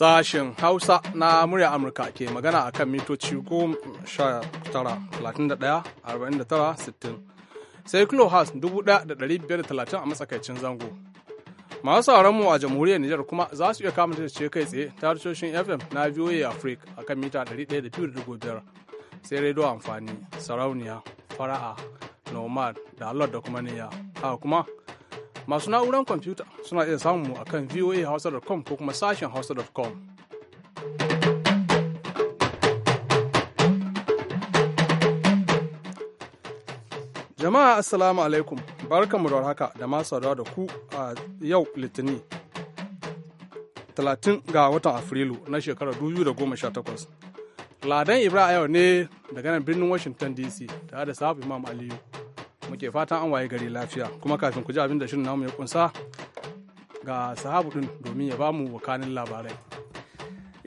Sashen Hausa na murya Amurka ke magana a kan mitoci 19,31,49,60 sai kilohas 1,530 a matsakaicin zango. Masu sauranmu a jamhuriyar Nijar kuma za su iya kama ce kai tsaye ta tashoshin FM na VOA Africa a kan mita 102.5 sai rediyo amfani, sarauniya, fara'a, nomad da Allah da kuma niyya. Haka kuma Masu na'urar kwamfuta suna iya samun mu akan voahausa.com ko kuma sashen hausa.com. Jama'a Assalamu alaikum, barkanmu da haka da masu da ku a yau Litinin. 30 ga watan Afrilu na shekarar 2018. Ladan Ibrahim ne daga nan birnin Washington DC tare da sahabu Imam Aliyu muke fatan an waye gari lafiya kuma kafin ku ji abin da shirin namu ya kunsa ga sahabu din domin ya bamu wakanin labarai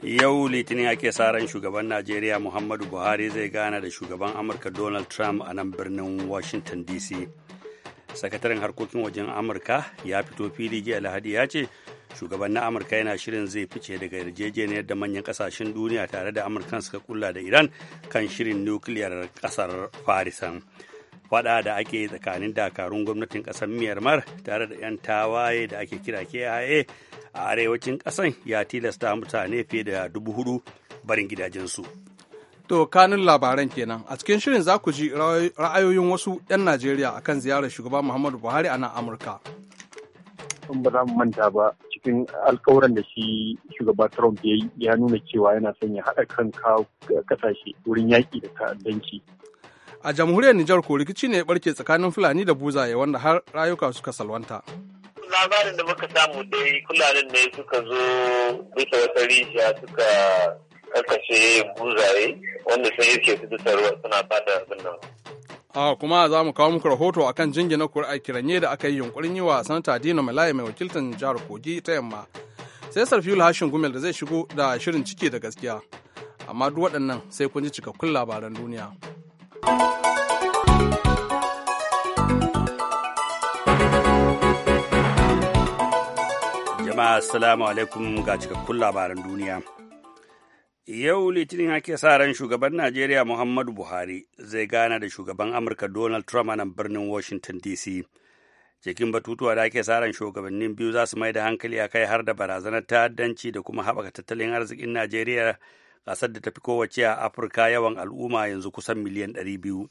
yau litinin ake sa ran shugaban najeriya muhammadu buhari zai gana da shugaban amurka donald trump a nan birnin washington dc sakataren harkokin wajen amurka ya fito fili jiya lahadi ya ce shugaban na amurka yana shirin zai fice daga yarjejeniyar da manyan kasashen duniya tare da amurkan suka kula da iran kan shirin nukiliyar kasar farisan faɗa da ake tsakanin dakarun gwamnatin kasar myanmar tare da 'yan tawaye da ake kira kia a arewacin kasan ya tilasta mutane fiye da dubu hudu barin gidajensu to kanin labaran kenan a cikin shirin za ku ji ra'ayoyin wasu 'yan najeriya akan ziyarar shugaban muhammadu buhari a nan amurka in ba za mu manta ba cikin alkawuran da shi shugaba Trump ya nuna cewa yana son ya haɗa kan kasashe wurin yaƙi da ta'addanci. a jamhuriyar nijar ko rikici ne ya barke tsakanin fulani da buzaye wanda har rayuka suka salwanta labarin da muka samu dai fulanin ne suka zo bisa wata rijiya suka karkashe buzaye wanda sai yake su bisa ruwa suna bada abin nan a kuma za mu kawo muku rahoto akan jingina kuri'a kiranye da aka yi yunkurin yi wa sanata dino malaye mai wakiltan jihar kogi ta yamma sai sarfiyul hashin gumel da zai shigo da shirin ciki da gaskiya amma duk waɗannan sai kun ji cikakkun labaran duniya. Jama'a Assalamu alaikum ga cikakkun labaran duniya. Yau Litinin ake sa ran shugaban Najeriya Muhammadu Buhari zai gana da shugaban Amurka Donald Trump a nan birnin Washington DC. Cikin batutuwa da ake sa ran shugabannin biyu za su mai da hankali a kai har da barazanar ta'addanci da kuma haɓaka tattalin arzikin Najeriya ƙasar da ta fi kowace a afirka yawan al'umma yanzu kusan miliyan ɗari biyu.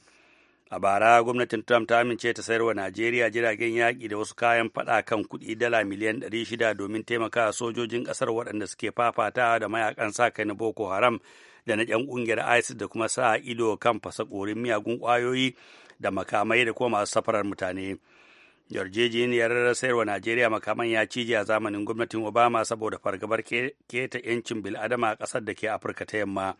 a bara gwamnatin trump ta amince ta sayarwa najeriya jiragen yaƙi da wasu kayan faɗa kan kuɗi dala miliyan shida domin taimaka sojojin ƙasar waɗanda suke fafata da mayakan sa kai na boko haram da na 'yan ƙungiyar isis da kuma sa ido kan fasa ƙorin miyagun ƙwayoyi da makamai da kuma masu safarar mutane. yarjejeniyar sayarwa najeriya makaman ya cije a zamanin gwamnatin obama saboda fargabar keta 'yancin bil'adama a ƙasar da ke afirka ta yamma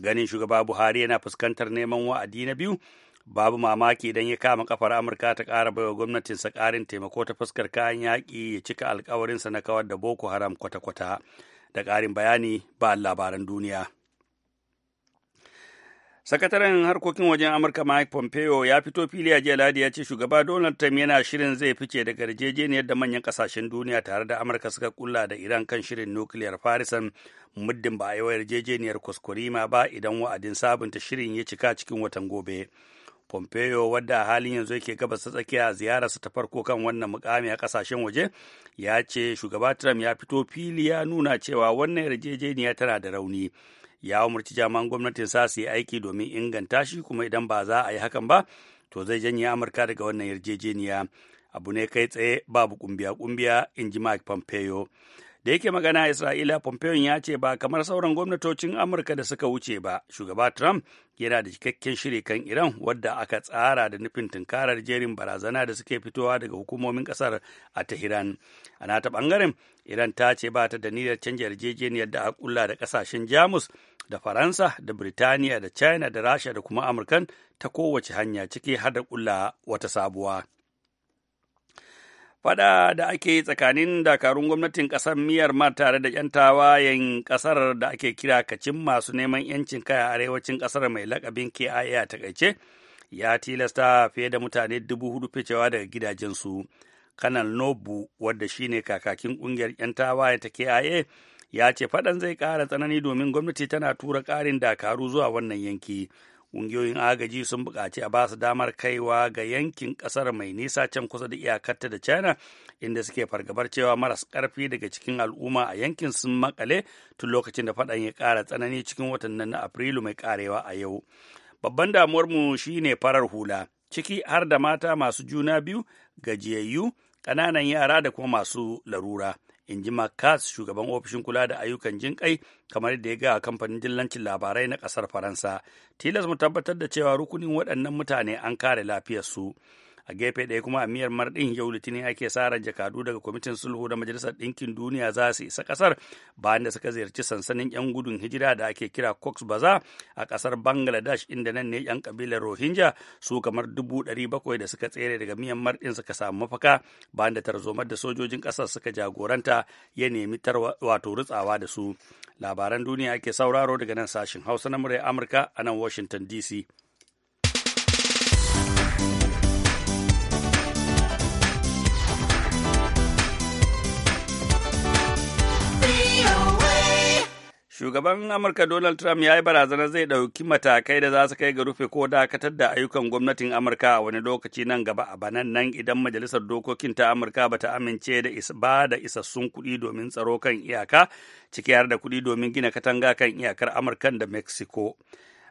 ganin shugaba buhari yana fuskantar neman wa'adi na biyu babu mamaki idan ya kama kafar amurka ta kara baiwa gwamnatin sa karin taimako ta fuskar kayan yaki ya cika alkawarinsa na kawar da boko haram kwata-kwata da karin bayani ba labaran duniya. Sakataren harkokin wajen Amurka Mike Pompeo ya fito fili a jiya Ladi ya ce shugaba Donald Trump yana shirin zai fice daga yarjejeniyar da manyan kasashen duniya tare da Amurka suka kulla da Iran kan shirin nukiliyar Farisan muddin ba a yi wa yarjejeniyar kuskurima ba idan wa'adin sabunta shirin ya cika cikin watan gobe. Pompeo wadda a halin yanzu yake gaba ta tsakiya ziyararsa ta farko kan wannan mukami a kasashen waje ya ce shugaba Trump ya fito fili ya nuna cewa wannan yarjejeniya tana da rauni. ya umarci jami'an gwamnatin sa su yi aiki domin inganta shi kuma idan ba za a yi hakan ba to zai janye amurka daga wannan yarjejeniya abu ne kai tsaye babu kumbiya kumbiya in ji mike pompeo da yake magana isra'ila pompeo ya ce ba kamar sauran gwamnatocin amurka da suka wuce ba shugaba trump yana da cikakken shiri kan iran wadda aka tsara da nufin tunkarar jerin barazana da suke fitowa daga hukumomin kasar a tehran Ana ta bangaren iran ta ce ba ta da niyyar canja yarjejeniyar da a kulla da kasashen jamus da Faransa da Birtaniya da China da Rasha da kuma Amurkan ta kowace hanya ciki har da ƙulla wata sabuwa. Fada da ake tsakanin dakarun gwamnatin ƙasar Myanmar tare da 'yan tawayen ƙasar da ake kira kacin masu neman 'yancin kaya a arewacin ƙasar mai lakabin KIA a takaice ya tilasta fiye da mutane dubu hudu ficewa daga gidajensu. Kanal Nobu wadda shine kakakin ƙungiyar 'yan tawaye ta KIA ya ce faɗan zai ƙara tsanani domin gwamnati tana tura ƙarin dakaru zuwa wannan yanki ƙungiyoyin agaji sun buƙaci a basu damar kaiwa ga yankin ƙasar mai nisa can kusa da iyakarta da china inda suke fargabar cewa maras ƙarfi daga cikin al'umma a yankin sun makale tun lokacin da faɗan ya ƙara tsanani cikin watan na afrilu mai ƙarewa a yau babban damuwar damuwarmu shine farar hula ciki har da mata masu juna biyu gajiyayyu ƙananan yara da kuma masu larura in ji Marcus shugaban ofishin kula da ayyukan jin kai kamar yadda ya ga kamfanin dillancin labarai na ƙasar Faransa. Tilas mu tabbatar da cewa rukunin waɗannan mutane an kare lafiyarsu. a gefe ɗaya kuma a miyar marɗin yau litinin ake tsara jakadu daga kwamitin sulhu da majalisar ɗinkin duniya za su isa ƙasar bayan da suka ziyarci sansanin 'yan gudun hijira da ake kira cox baza a ƙasar bangladesh inda nan ne 'yan kabilar rohingya su kamar dubu ɗari bakwai da suka tsere daga miyan marɗin suka samu mafaka bayan da tarzomar da sojojin ƙasar suka jagoranta ya nemi wato rutsawa da su labaran duniya ake sauraro daga nan sashin hausa na murai amurka a nan washington dc Shugaban Amurka Donald Trump ya yi barazanar zai ɗauki matakai da za su kai ga rufe ko dakatar da ayyukan gwamnatin Amurka a wani lokaci nan gaba a banan nan idan Majalisar Dokokin ta Amurka ba ta amince da ba da isassun kuɗi domin tsaro kan iyaka, ciki har da kuɗi domin gina katanga kan iyakar amurka da Mexico.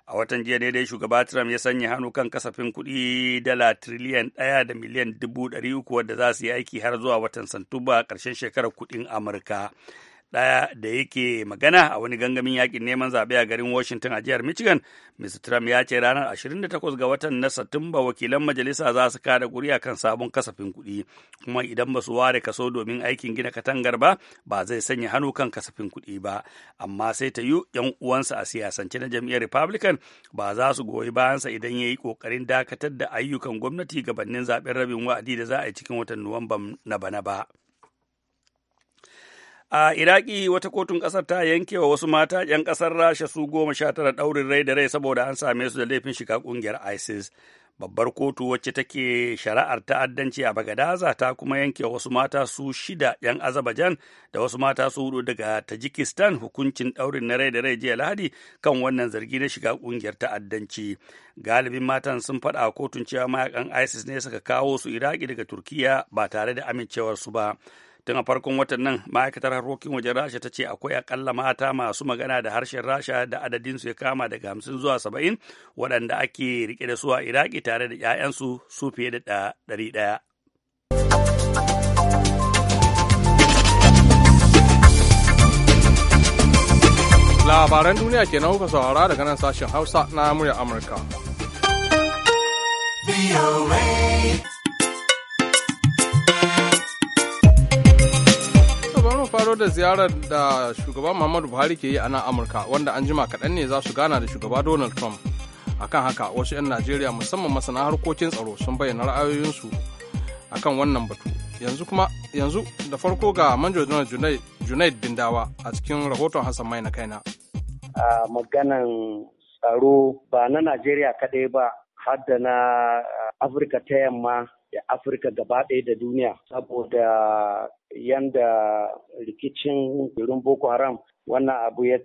a watan jiya ne dai shugaba Trump ya sanya hannu kan kasafin kuɗi dala triliyan ɗaya da miliyan dubu ɗari uku wadda za su yi aiki har zuwa watan Santuba ƙarshen shekarar kuɗin Amurka. ɗaya da yake magana a wani gangamin yakin neman zaɓe a garin Washington a jihar Michigan, Mr. Trump ya ce ranar 28 ga watan na Satumba wakilan majalisa za su kada kuri'a kan sabon kasafin kuɗi, kuma idan ba su ware kaso domin aikin gina katangar ba, ba zai sanya hannu kan kasafin kuɗi ba, amma sai ta yi ‘yan uwansa a siyasance na jam'iyyar Republican ba za su goyi bayansa idan ya yi ƙoƙarin dakatar da ayyukan gwamnati gabanin zaɓen rabin wa'adi da za a yi cikin watan Nuwamban na bana ba. A Iraki wata kotun ƙasar ta yanke wa wasu mata ‘yan ƙasar Rasha su goma sha tara ɗaurin rai da rai saboda an same su da laifin shiga ƙungiyar ISIS. Babbar kotu wacce take shari'ar ta'addanci a Bagadaza ta kuma yanke wasu mata su shida ‘yan Azerbaijan da wasu mata su hudu daga Tajikistan hukuncin ɗaurin na rai da rai jiya Lahadi kan wannan zargi na shiga ƙungiyar ta'addanci. Galibin matan sun faɗa kotun cewa mayakan ISIS ne suka kawo su Iraki daga Turkiya ba tare da amincewarsu ba. tun a farkon watan nan ma'aikatar harkokin wajen rasha ta ce akwai akalla mata masu magana da harshen rasha da adadin su ya kama daga hamsin zuwa saba'in waɗanda ake rike da su a iraki tare da 'ya'yansu su fiye da ɗari ɗaya labaran duniya ke kuka saurara daga nan sashen hausa na murya amurka faro da ziyarar da shugaban Muhammadu Buhari ke yi a nan Amurka wanda an jima kaɗan ne za su gana da shugaba Donald Trump. Akan haka wasu 'yan Najeriya musamman masana harkokin tsaro sun bayyana ra'ayoyinsu akan wannan batu. Yanzu kuma yanzu da farko ga Manjo Junaid Bindawa a cikin rahoton Hassan Mai na kaina. A maganan tsaro ba na Najeriya kaɗai ba har da na Afirka ta yamma Afirka gaba ɗaya da duniya saboda yanda rikicin garin Boko Haram wannan abu ya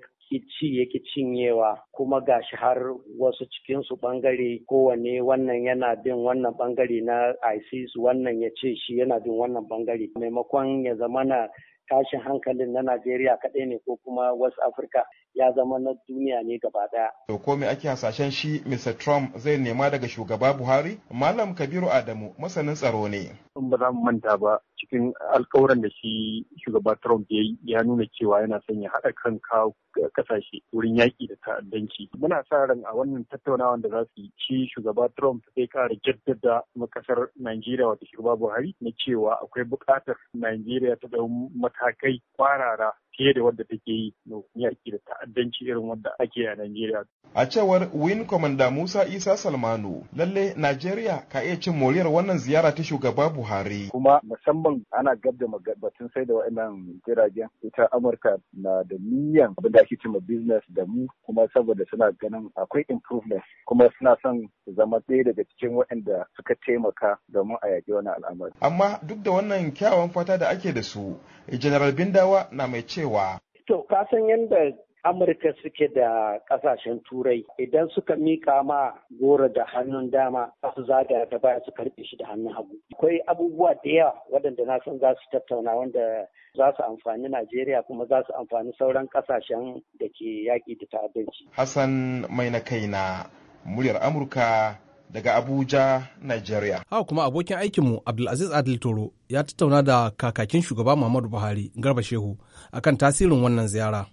ci yake cinyewa kuma gashi har wasu cikinsu bangare kowane wannan yana bin wannan bangare na isis wannan ya ce shi yana bin wannan bangare maimakon ya zamana tashin hankalin na najeriya kaɗai ne ko kuma wasu africa ya zama na duniya ne gaba daya. To ko me ake hasashen shi Mr. Trump zai nema daga shugaba Buhari? Malam Kabiru Adamu masanin tsaro ne. Ba za mu manta ba cikin alkawuran da shi shugaba Trump ya nuna cewa yana son ya haɗa kan kawo kasashe wurin yaƙi da ta'addanci. Muna sa ran a wannan tattaunawa da za su yi shi shugaba Trump zai ƙara jaddada makasar Najeriya wata shugaba Buhari na cewa akwai buƙatar Najeriya ta ɗau matakai kwarara fiye da wanda take yi domin yaƙi da ta'addanci irin wanda ake a Najeriya. A cewar Win Commander Musa Isa Salmanu, lalle Najeriya ka iya cin moriyar wannan ziyara ta shugaba Buhari. Kuma musamman ana gab da batun sai da wa'annan jiragen ita Amurka na da niyan abin da ake ma business da mu kuma saboda suna ganin akwai improvement kuma suna son su zama ɗaya daga cikin waɗanda suka taimaka domin a yaƙi wani al'amari. Amma duk da wannan kyawawan fata da ake da su, General Bindawa na mai cewa cewa. To, ka san yadda Amurka suke da kasashen turai idan suka mika ma goro da hannun dama za su zagaya da baya su karbe shi da hannun hagu. Akwai abubuwa da yawa waɗanda na san za su tattauna wanda za su amfani Najeriya kuma za su amfani sauran kasashen da ke yaƙi da ta'addanci. Hassan mai na kai na muryar Amurka daga Abuja, Nigeria. Haka kuma abokin aikinmu Abdulaziz Adil Toro ya tattauna da kakakin shugaba Muhammadu Buhari Garba Shehu akan tasirin wannan ziyara.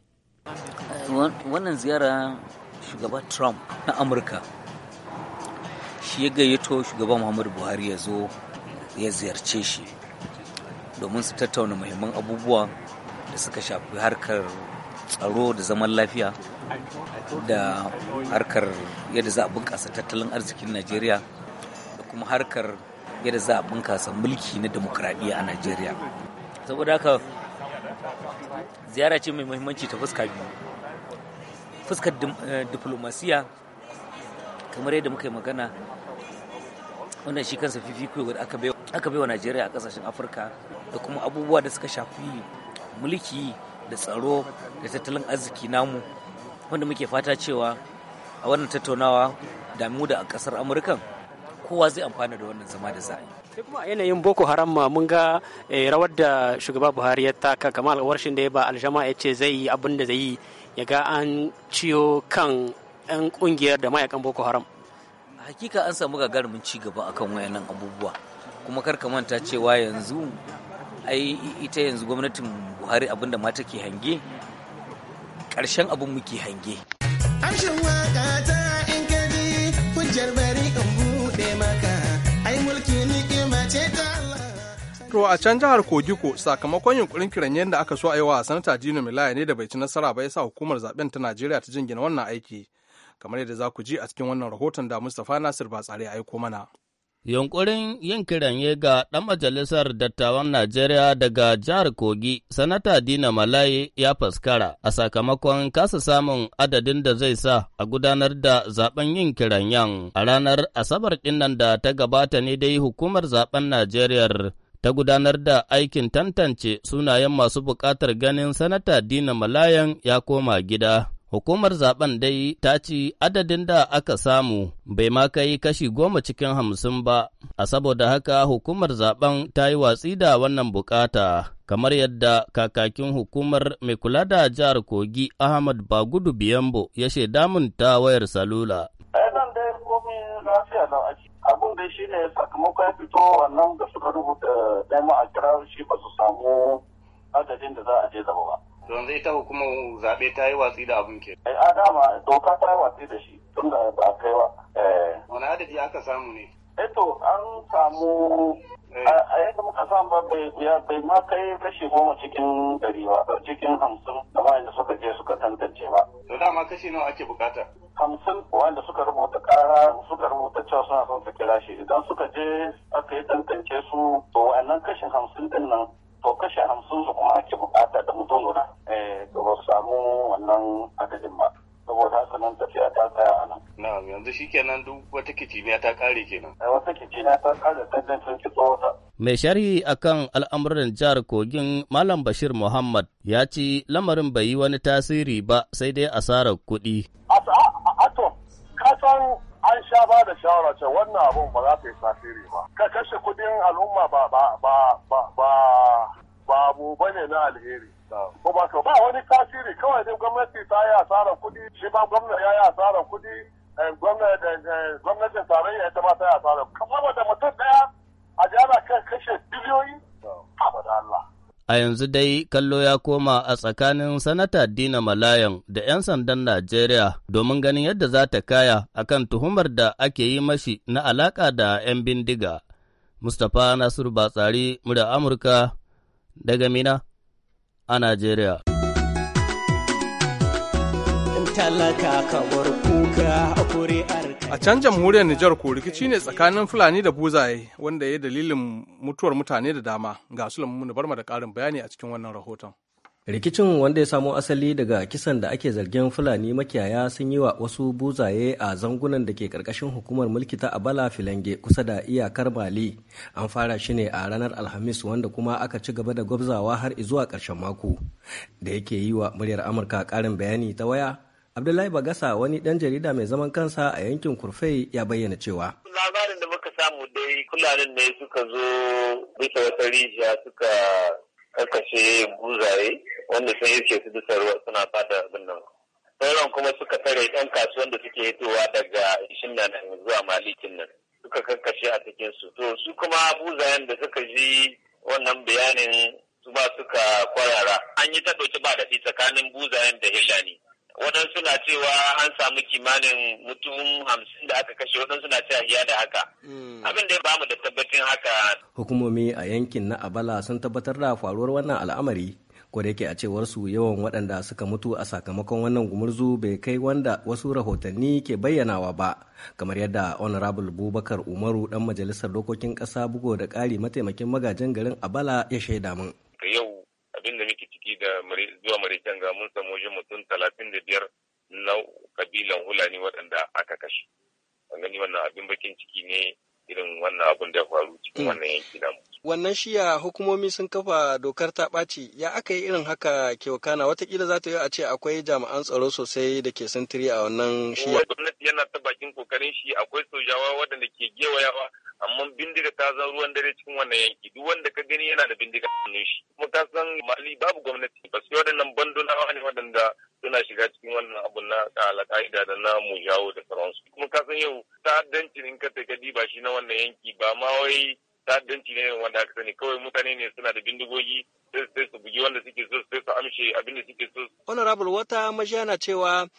Wannan ziyara shugaba Trump na Amurka shi ya gayyato shugaba Muhammadu Buhari ya zo ya ziyarce shi domin su tattauna muhimman abubuwa da suka shafi harkar tsaro da zaman lafiya da harkar yadda za a bunkasa tattalin arzikin najeriya da kuma harkar yadda za a bunkasa mulki na demokradiyya a najeriya saboda haka ziyara ce mai muhimmanci ta fuska biyu fuskar eh, diplomasiya kamar yadda muka yi magana wannan shi kansa fifiko da aka bai wa najeriya a kasashen afirka da kuma abubuwa da suka shafi mulki da tsaro da tattalin arziki namu wanda muke fata cewa a wannan tattaunawa damu da a kasar amurkan kowa zai amfana da wannan zama da za a kuma a yanayin boko haram ma mun ga eh, rawar da shugaba buhari ya taka kamar alwarshin da ya ba aljama ya ce zai yi abin da zai yi ya ga an ciyo kan 'yan kungiyar da mayakan boko haram hakika an samu gagarumin ci gaba akan wayannan abubuwa kuma kar ka manta cewa yanzu ai ita yanzu gwamnatin buhari abinda mata ke hange ƙarshen abin muke hange amshin waka ta in ka ji hujjar bari in buɗe maka ai mulki ce ta To a can jihar Kogiko sakamakon yunkurin kiran yadda aka so a yi wa sanata Dino Milaya ne da bai ci nasara ba ya sa hukumar zaben ta Najeriya ta jingina wannan aiki. Kamar yadda za ku ji a cikin wannan rahoton da Mustapha Nasir tsare ya aiko mana. Yunƙurin yin kiranye ga ɗan majalisar dattawan Najeriya daga jihar Kogi, Sanata Dina Malaye ya faskara a sakamakon kasa samun adadin da zai sa a gudanar da zaben yin kiranyen a ranar Asabar ɗinnan da ta gabata ne dai hukumar zaben Najeriya ta gudanar da aikin tantance sunayen masu buƙatar ganin Sanata Dina Malayan ya koma gida. Hukumar zaben dai ta ci adadin da aka samu bai ma kai kashi goma cikin hamsin ba, a saboda haka hukumar zaben ta yi watsi da wannan bukata, kamar yadda kakakin hukumar mai kula da jihar Kogi Ahmad Bagudu Biyambo ya shaida mun ta wayar salula. Nan dai komi lafiya da ake abin da shi ne sakamakon fito wannan da suka rubuta dama a shi ba su samu adadin da za a je zaba ba. Don zai ta hukumar zaɓe ta yi watsi da abin ke. a dama doka ta yi watsi da shi tun da ba a kai ba. Eh. wani adadi aka samu ne. eto eh an samu eh. a yadda muka samu ba bai ma kai kashi goma cikin dari ba cikin hamsin da wanda suka je suka tantance ba. to dama kashi nawa ake bukata. hamsin wanda suka rubuta kara suka rubuta cewa suna son su kira shi idan suka je aka yi tantance su to wa'annan kashin hamsin din nan to kashe hamsin su kuma ake bukata da mutum guda. Eh, to ba samu wannan adadin ba saboda haka nan tafiya ta tsaya a nan. na'am yanzu duk wata kiciniya ta kare kenan. Eh, wata kiciniya ta kare sun ki tsawata. Mai sharhi akan al'amuran jihar Kogin Malam Bashir Muhammad ya ce lamarin bai yi wani tasiri ba sai dai asarar kuɗi. Ato, kasan an sha ba da shawara ce wannan abun ba za ta yi tasiri ba. Ka kashe kuɗin al'umma ba ba ba ba ba ba ba ne na alheri. ko to ba wani tasiri kawai dai gwamnati ta yi asarar kuɗi shi ma gwamnati ya yi asarar kuɗi eh, eh, eh, gwamnatin tarayya ita ma ta yi asarar kamar da mutum ɗaya a jana kan kashe biliyoyi abada Allah. A yanzu dai kallo ya koma a tsakanin Sanata Dina Malayan da 'yan sandan Najeriya domin ganin yadda za ta kaya kan tuhumar da ake yi mashi na alaka da 'yan bindiga. Mustapha Nasiru Batsari, murya Amurka, daga Mina. a Najeriya. A can jamhuriyar Nijar ko rikici ne tsakanin Fulani da Buzaye wanda ya dalilin mutuwar mutane da dama ga Sulaiman Barma da ƙarin bayani a cikin wannan rahoton. Rikicin wanda ya samo asali daga kisan da ake zargin Fulani makiyaya sun yi wa wasu buzaye a zangunan da ke karkashin hukumar mulki ta Abala Filange kusa da iyakar Mali. An fara shi ne a ranar Alhamis wanda kuma aka ci gaba da gwabzawa har zuwa karshen mako. Da yake yi wa muryar Amurka karin bayani ta waya, Abdullahi Bagasa wani ɗan jarida mai zaman kansa a yankin Kurfai ya bayyana cewa. Labarin da muka samu dai Fulanin ne suka zo bisa wata rijiya suka karkashe buzaye wanda sun yake su bisa ruwa suna fata abin nan sauran kuma suka tare ɗan kasuwan da suke hitowa daga ishin nan zuwa malikin nan suka karkashe a cikin su to su kuma buzayen da suka ji wannan bayanin su ba suka kwarara an yi ta ɗauki ba daɗi tsakanin buzayen da hillani wadansu na cewa an samu kimanin mutum hamsin da aka kashe wadansu suna cewa hiya da haka hmm. abin da ya bamu da tabbacin haka hukumomi a yankin na abala sun tabbatar da faruwar wannan al'amari ko da yake a cewar su yawan waɗanda suka mutu a sakamakon wannan gumurzu bai kai wanda wasu rahotanni ke bayyanawa ba kamar yadda honorable bubakar umaru dan majalisar dokokin ƙasa bugo da ƙari mataimakin magajin garin abala ya shaida min wannan shiya hukumomi sun kafa dokar ta ɓaci ya aka yi irin haka ke wakana watakila za ta yi a ce akwai jami'an tsaro sosai da ke sintiri a wannan shiya. gwamnati yana ta bakin kokarin shi akwai sojawa waɗanda ke gewayawa amma bindiga ta zan ruwan dare cikin wannan yanki duk wanda ka gani yana da bindiga hannun shi kuma ka san mali babu gwamnati ba su waɗannan bandunawa ne waɗanda suna shiga cikin wannan abu na alƙa'ida da na mujawo da sauransu kuma ka san yau ta'addancin in ka ta ba shi na wannan yanki ba ma wai ta'addanci ne wanda aka sani kawai mutane ne suna da bindigogi sai su bugi wanda suke so sai su amshe abin da suke so. honorable wata majiya na cewa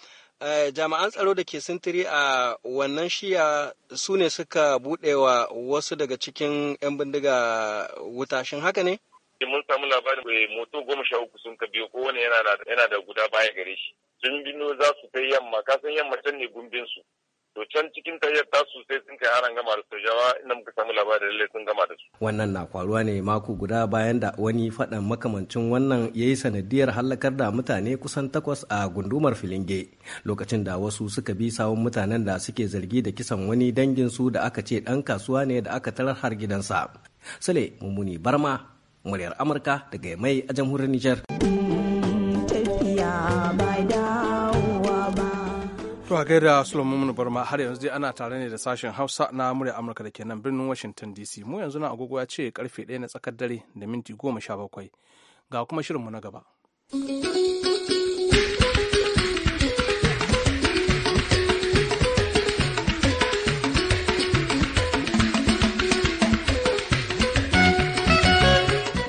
eh, jami'an tsaro da ke sintiri a wannan shiya su ne suka buɗe wa wasu daga cikin 'yan bindiga wutashin haka ne? mun samu labarin eh, moto goma sha uku sun ka biyo kowane yana da guda baya gare shi sun bino za su kai yamma kasan yamma can ne gumbin su to can cikin tarayyar sosai sun kai haran gama da sojawa inda muka samu labarin lalle sun gama da su wannan na faruwa ne mako guda bayan da wani faɗan makamancin wannan ya yi sanadiyar hallakar da mutane kusan takwas a gundumar filinge lokacin da wasu suka bi sawun mutanen da suke zargi da kisan wani dangin su da aka ce dan kasuwa ne da aka tarar har gidansa sule mummuni barma muryar amurka daga mai a jamhuriyar nijar. To gaida Solomon Barma har yanzu dai ana tare ne da sashen Hausa na murya Amurka da ke nan birnin Washington DC. Mu yanzu na agogo ya ce karfe 1 na tsakar dare da minti 17. Ga kuma shirinmu na gaba.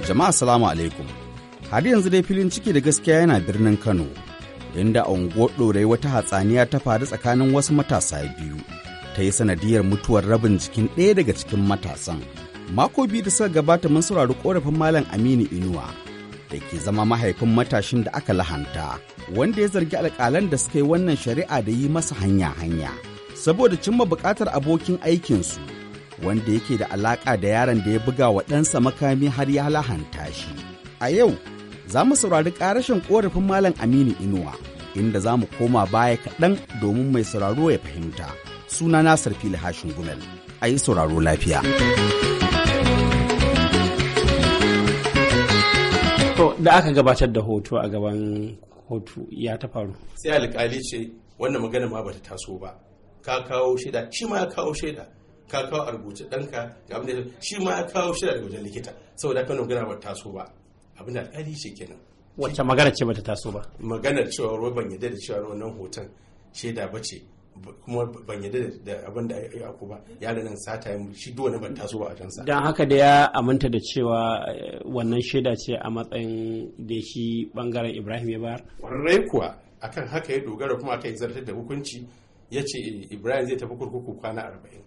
Jama'a salamu alaikum. Har yanzu dai filin ciki da gaskiya yana birnin Kano. inda a unguwar ɗorai wata hatsaniya ta faru tsakanin wasu matasa biyu ta yi sanadiyar mutuwar rabin jikin ɗaya daga cikin matasan mako biyu da suka gabata mun saurari ƙorafin malam aminu inuwa da ke zama mahaifin matashin da aka lahanta wanda ya zargi alƙalan da suka yi wannan shari'a da yi masa hanya-hanya saboda cimma buƙatar abokin aikinsu wanda yake da alaƙa da yaron da ya buga wa ɗansa makami har ya lahanta shi a yau za mu saurari ƙarashin ƙorafin Malam Aminu Inuwa, inda za mu koma baya kaɗan domin mai sauraro ya fahimta. Suna Nasar Fili Hashin Gumel, a yi sauraro lafiya. To, da aka gabatar da hoto a gaban hoto ya ta faru. Sai alƙali ce, wannan magana ma bata taso ba. Ka kawo shaida, shi ma ya kawo shaida. Ka kawo a rubuce ɗanka, ga abin da shi ma ya kawo shaida daga wajen likita. Saboda kan magana bata taso ba. abin da alkali shi kenan wacce magana ce bata taso ba maganar cewa ruwa ban yadda da cewa wannan hoton shaida ba ce kuma ban yadda da abin da ya aku ba yaran nan sata ya shi duwa wani ban taso ba a can sa. dan haka da ya aminta da cewa eh, wannan shaida ce a matsayin da shi bangaren Ibrahim ya bayar kwarai kuwa akan haka ya dogara kuma aka yi zartar da hukunci ya ce eh, Ibrahim zai tafi kurkuku kwana arba'in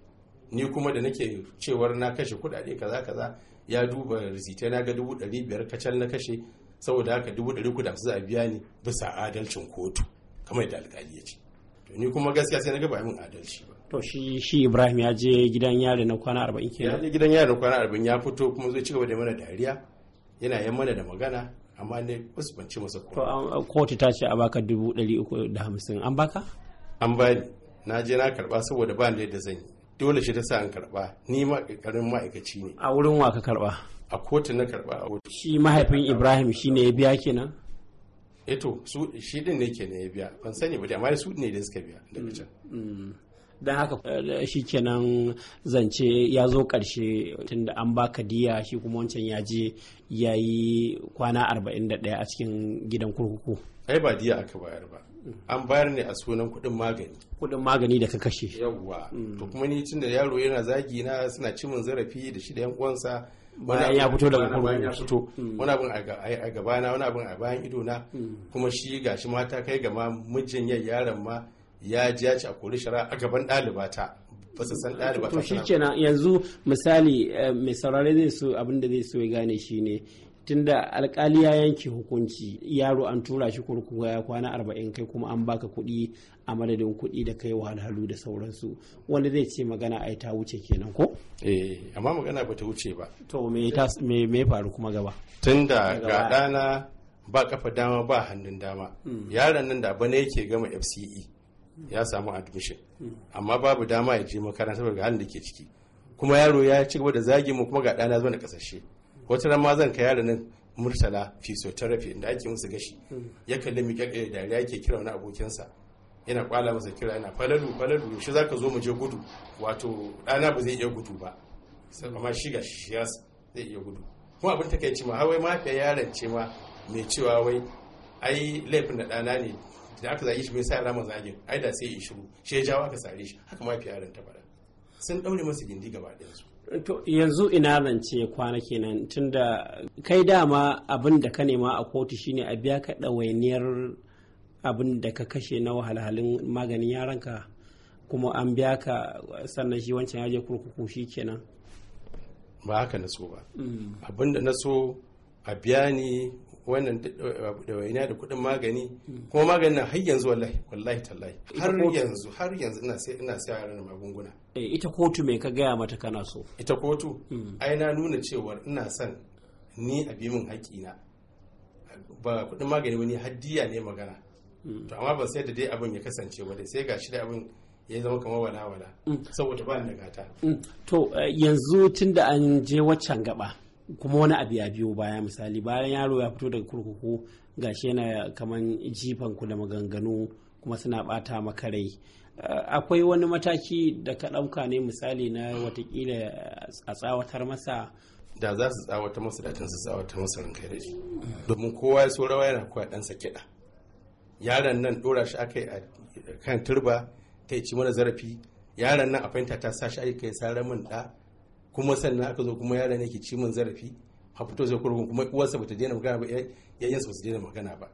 ni kuma da nake cewar na kashe kuɗaɗe kaza kaza ya duba risite na ga dubu ɗari biyar kacal na kashe saboda haka dubu ɗari kuda su za a biya ni bisa adalcin kotu kamar yadda alkali ya ce to ni kuma gaskiya sai na ga ba min adalci ba to shi shi Ibrahim ya je gidan yare na kwana arba'in kenan ya je gidan yare na kwana arba'in ya fito kuma zai cigaba da mana dariya yana yan mana da magana amma ne wasu ban ci masa to kotu ta ce a baka dubu ɗari uku da hamsin an baka an bani na je na karɓa saboda ba ni da zan yi dole shi ta sa an karba ni ma karin ma'aikaci ne a wurin wa ka karba a kotu na karba a wurin shi mahaifin ibrahim shi ne ya biya kenan eto eh su shi din ne ke ne ya biya ban sani ba amma su ne da suka biya daga can mm, mm. dan haka eh, shi kenan zance ya zo ƙarshe tunda an baka diya shi kuma wancan ya je ya yi kwana 41 a cikin gidan kurkuku ai ba diya aka bayar ba an bayar ne a sunan kuɗin magani kuɗin magani da ka kashe yawwa mm. to kuma ni tun da yaro yana zagi na suna cimin zarafi da shi da yan uwansa bayan ya fito daga kurkuku ya fito mm. wani abin a gabana wani abin a bayan ido na mm. kuma shi gashi mata kai gama mijin yan yaron ma ya ji ya ci a kori shara a gaban ɗalibata ba su san ɗalibata to shi kenan yanzu misali eh, mai saurare zai so abin da zai so ya gane shi ne. tunda alkali ya yanke hukunci yaro an tura shi kurkuku ya kwana arba'in kai kuma an baka kuɗi a madadin kuɗi da kai wahalhalu da sauransu wanda zai ce magana ai ta wuce kenan ko eh amma magana ba ta wuce ba to me me me faru kuma gaba tunda ga dana ba kafa dama ba hannun dama hmm. yaron nan da bane yake gama FCE ya samu admission hmm. amma babu dama ya je makaranta saboda halin da ke ciki kuma yaro ya ci gaba da zagi mu kuma ga dana zuwa na kasashe wata ran ma zan kai nan mursala physiotherapy da ake musu gashi hmm. ya kalli mi kyakkyar eh, dariya yake kira wani abokinsa yana kwala masa kira yana falalu falalu yaushe zaka zo mu je gudu wato dana ba zai iya gudu ba hmm. amma shi ga shi zai iya gudu kuma abin takaici ma hawai fa yaran ce ma mai cewa wai ai laifin da dana ne da aka zage shi bai sa yara zagin ai da sai ya shiru shi ya jawo aka sare shi haka fa yaran ta faɗa sun ɗaure masa gindi gaba ɗaya su. To yanzu ina ce kwana kenan tunda kai dama abin da ka nema a kotu shine a biya ka ɗawainiyar abin da ka kashe na wahalhalin maganin yaranka kuma an biya ka sannan shi wancan yaje kurkuku shi kenan. Ba haka na ba. Mm. Abin da na a biya ni wannan dawaina da kuɗin magani kuma maganin nan har yanzu wallahi wallahi tallahi har yanzu har yanzu ina sai ina sai yaran magunguna eh, ita kotu me ka gaya mata kana so ita kotu hmm. ai na nuna cewar ina son ni a bi min haƙƙina ba kuɗin magani wani haddiya ne magana hmm. to amma ba sai da dai abin ya kasance ba dai sai ga shi da abin ya zama kamar wala wala hmm. saboda ba ni da gata to eh, yanzu tunda an je waccan gaba kuma wani abu ya biyo baya misali bayan yaro ya fito daga kurkuku ga shi yana kaman jifan ku da maganganu kuma suna bata maka rai eh, akwai wani mataki da ka ɗauka ne misali na watakila eh, a tsawatar masa da za su tsawata masa da su tsawata masa ranka da shi domin kowa ya so rawa yana koya ɗansa kiɗa yaron nan ɗora shi aka yi a kan turba ta ci mana zarafi yaron nan a fahimta ta sa shi aka yi sarar min ɗa kuma sannan aka zo kuma yaron yake ci min zarafi a fito sai kurgun kuma uwarsa bata daina magana ba yayyansa su daina magana ba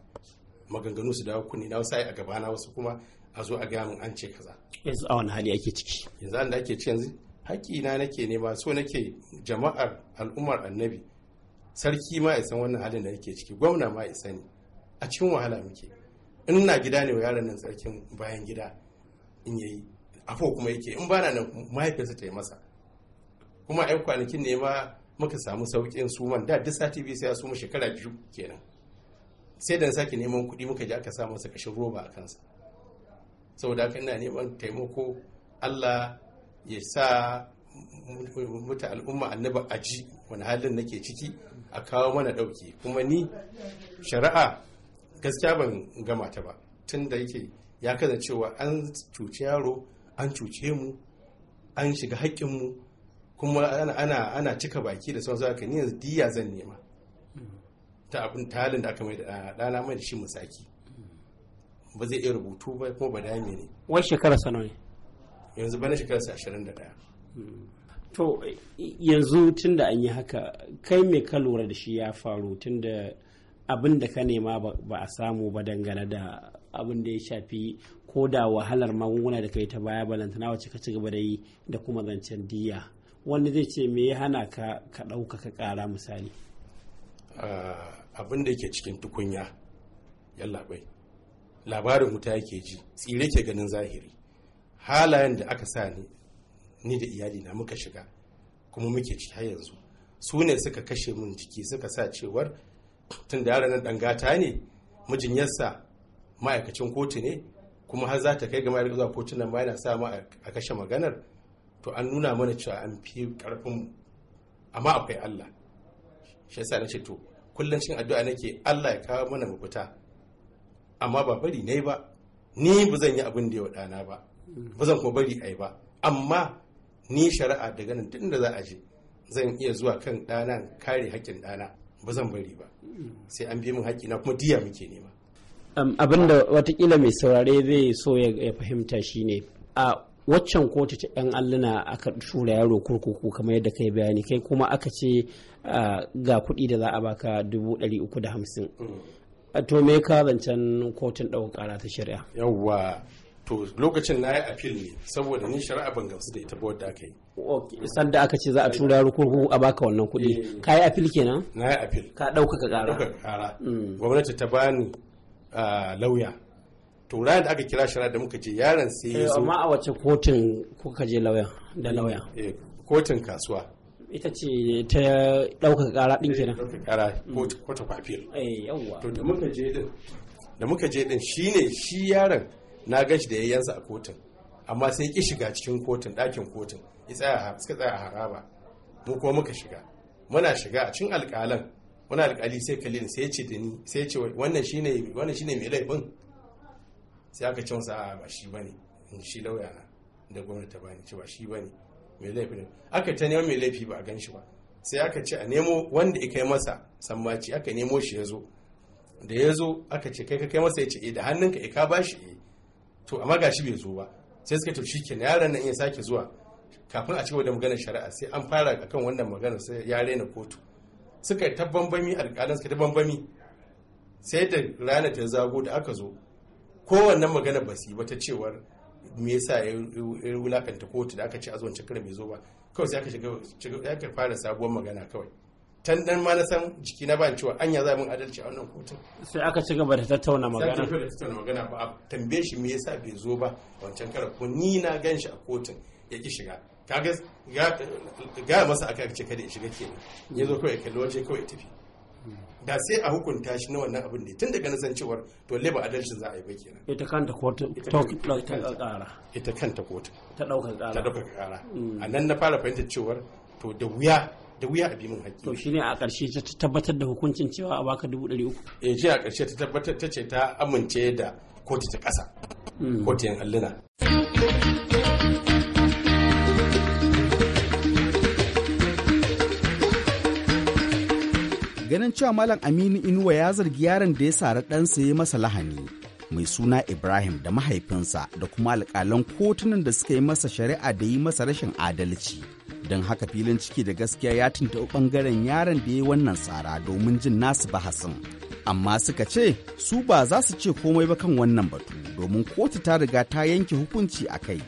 maganganu su dawo kunni na wasu a gabana wasu kuma a zo a gamin an ce kaza yanzu a wani hali ake ciki yanzu an da ake ci yanzu haƙina nake nema so nake jama'ar al'ummar annabi sarki ma ya san wannan halin da nake ciki gwamna ma ya sani a cikin wahala muke in na gida ne wa yaron nan sarkin bayan gida in yayi afo kuma yake in bana nan mahaifinsa ta yi masa kuma yan kwanakin ne ma muka samu sauƙin suman da duk sati biyu sai ya suma shekara biyu kenan sai da sake neman kuɗi muka ji aka sa kashin roba a kansa saboda haka ina neman taimako Allah ya sa muta al'umma annabi ji wani halin nake ciki a kawo mana ɗauki kuma ni shari'a gaskiya ban gama ta ba tun da yake ya kaza cewa an cuci yaro an cuce mu an shiga haƙƙinmu kuma ana ana cika baki da sauransu haka ni yanzu diya zan nema ta abin talin da aka mai da ɗana mai da shi musaki ba zai iya rubutu ba kuma ba dame ne wai shekara sa ne yanzu bana shekara sa 21 to yanzu tunda an yi haka kai mai ka lura da shi ya faru tunda abin da ka nema ba a samu ba dangane da abin da ya shafi ko da wahalar magunguna da kai ta baya balantana wacce ka ci gaba da yi da kuma zancen diya wani zai ce me ya hana ka ka ɗauka ka ƙara misali ah, abin da yake cikin tukunya yalla bai labarin wuta yake ji tsire ke ganin zahiri halayen da aka sa ni ni da iyali na muka shiga kuma muke ciki har yanzu su ne suka kashe mun jiki suka sa cewar tun da yaran nan dangata ne mijin yassa ma'aikacin kotu ne kuma har za ta kai ga ma'aikacin kotu nan ma yana sa ma a kashe maganar to an nuna mana cewa an fi karfin amma akwai Allah shi yasa na ce to kullum cin addu'a nake Allah ya kawo mana mafita amma ba bari ne ba ni ba zan yi abin da ya wadana ba ba zan kuma bari ai ba amma ni shari'a daga nan duk da za a je zan iya zuwa kan ɗana kare haƙƙin ɗana ba zan bari ba sai an bi min haƙƙi na kuma diya muke nema abin watakila mai saurare zai so ya fahimta shine a waccan kotu ta 'yan alluna aka tura yaro kurkuku kamar yadda kai bayani kai kuma aka ce ga kuɗi da za a baka dubu ɗari uku da hamsin to me ka zancen kotun ɗaukar ƙara ta shari'a yawwa to lokacin na yi appeal ne saboda ni shari'a ban gamsu da ita ba wadda aka yi sanda aka ce za a tura rukuku a baka wannan kuɗi eh. ka yi appeal kenan na yi appeal ka ɗaukaka ƙara mm. gwamnati ta bani lauya to ran da aka kira shara da muka ce yaron sai ya eh, zo amma a wace kotun kuka je lauya da lauya eh, kotun kasuwa ita ce ta ɗaukaka ƙara ɗin kenan eh, ɗaukaka ƙara kotun kwafil to da muka je din da muka je din shine shi yaron na gashi da yayyansa a kotun amma sai ki shiga cikin kotun ɗakin kotun ya tsaya suka tsaya haraba mu kuma muka shiga muna shiga a cikin alƙalan wani alƙali sai kalli sai ce da ni sai ce wannan shine wannan shine mai laifin sai aka ce masa ba shi bane shi lauya na da gwamnati ta bani ce ba shi bane mai laifi ne aka ta neman mai laifi ba a gan shi ba sai aka ce a nemo wanda ya kai masa sammaci aka nemo shi ya zo da ya zo aka ce kai ka kai masa ya ce eh, da hannunka ya eh, ka ba shi eh to amma gashi bai zo ba sai suka to shi ke yaran nan ya sake zuwa kafin a ci da maganar shari'a sai an fara kan wannan maganar sai ya raina kotu suka ta bambami alƙalan suka ta bambami sai da rana ta zago da aka zo kowannan magana ba su yi ta cewar me yasa ya wulakanta kotu da aka ce azuwan cikin bai zo ba kawai sai aka shiga aka fara sabuwar magana kawai tan dan ma na san jiki na ban cewa anya za mun adalci a wannan kotun sai aka ci gaba da tattauna magana sai aka tattauna magana ba a tambaye shi me yasa bai zo ba wancan kara ko ni na gan shi a kotun ya ki shiga kaga ga masa aka ce kada ya shiga kenan ya zo kawai kalli waje kawai tafi da sai a hukunta shi na wannan abin ne tun daga nasan cewar to leba adalcin za a yi ba kenan ita kanta kotu ta kara ita kanta kotu ta daukar kara ta daukar kara mm. a nan na fara fahimtar cewar to da wuya da wuya a bi min haƙƙi to shine a ƙarshe ta tabbatar da hukuncin cewa a baka dubu ɗari uku eh ji a ƙarshe ta tabbatar ta ce ta amince da kotu ta ƙasa mm. kotu yan halina. ganin cewa Malam Aminu Inuwa ya zargi yaron da ya sari ɗansa ya masa lahani mai suna Ibrahim da mahaifinsa da kuma alƙalan kotunan da suka yi masa shari'a da yi masa rashin adalci. Don haka filin ciki da gaskiya ya tuntuɓi ɓangaren yaron da ya yi wannan tsara domin jin nasu bahasin. Amma suka ce su ba za su ce komai ba kan wannan batu domin kotu ta riga ta yanke hukunci a kai.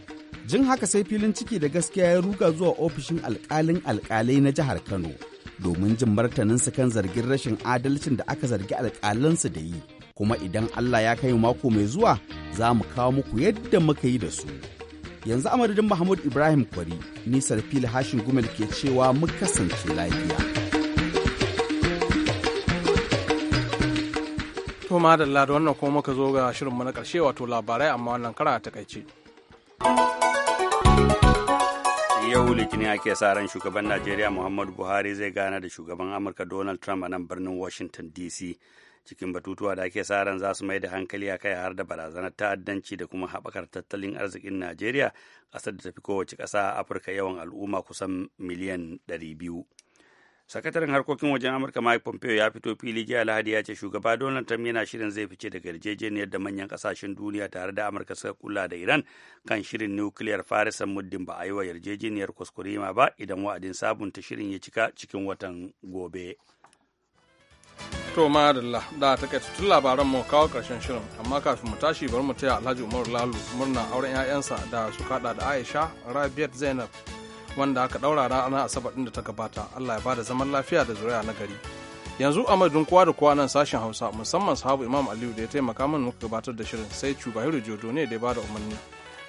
Jin haka sai filin ciki da gaskiya ya ruga zuwa ofishin alƙalin alƙalai na jihar Kano. domin jin martaninsu kan zargin rashin adalcin da aka zargi alƙalansu da yi kuma idan Allah ya kai mako mai zuwa za mu kawo muku yadda muka yi da su yanzu a madadin Mahmud Ibrahim Kwari ni Sarfil Hashin Gumel ke cewa mu kasance lafiya to madalla da wannan kuma muka zo ga shirinmu na ƙarshe wato labarai amma wannan kara a takaice yau litinin ake sa ran shugaban najeriya muhammadu buhari zai gana da shugaban amurka donald trump a nan birnin washington dc cikin batutuwa da ake sa ran za su mai da hankali a kai har da barazanar ta'addanci da kuma haɓakar tattalin arzikin najeriya ƙasar da tafi kowace ƙasa a afirka yawan al'umma kusan miliyan 200 sakataren harkokin wajen amurka mike pompeo ya fito fili jiya lahadi ya ce shugaba donald trump yana shirin zai fice daga yarjejeniyar da manyan kasashen duniya tare da amurka suka kula da iran kan shirin nukiliyar farisan muddin ba a yi wa yarjejeniyar kuskurema ba idan wa'adin sabunta shirin ya cika cikin watan gobe to madalla da ta tutun labaran mu kawo karshen shirin amma kafin mu tashi bari mu taya alhaji umar lalu murna auren 'ya'yansa da su kada da aisha rabiat zainab wanda aka daura ranar asabar din da ta gabata Allah ya bada zaman lafiya da zuriya na gari yanzu a madadin kowa da kowa nan sashen hausa musamman sahabu imam aliyu da ya taimaka min muka gabatar da shirin sai cubahiru jodo ne da ya bada umarni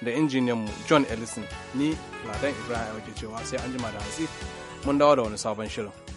da injiniyan mu john ellison ni ladan ibrahim ya wake cewa sai an jima da hatsi mun dawo da wani sabon shirin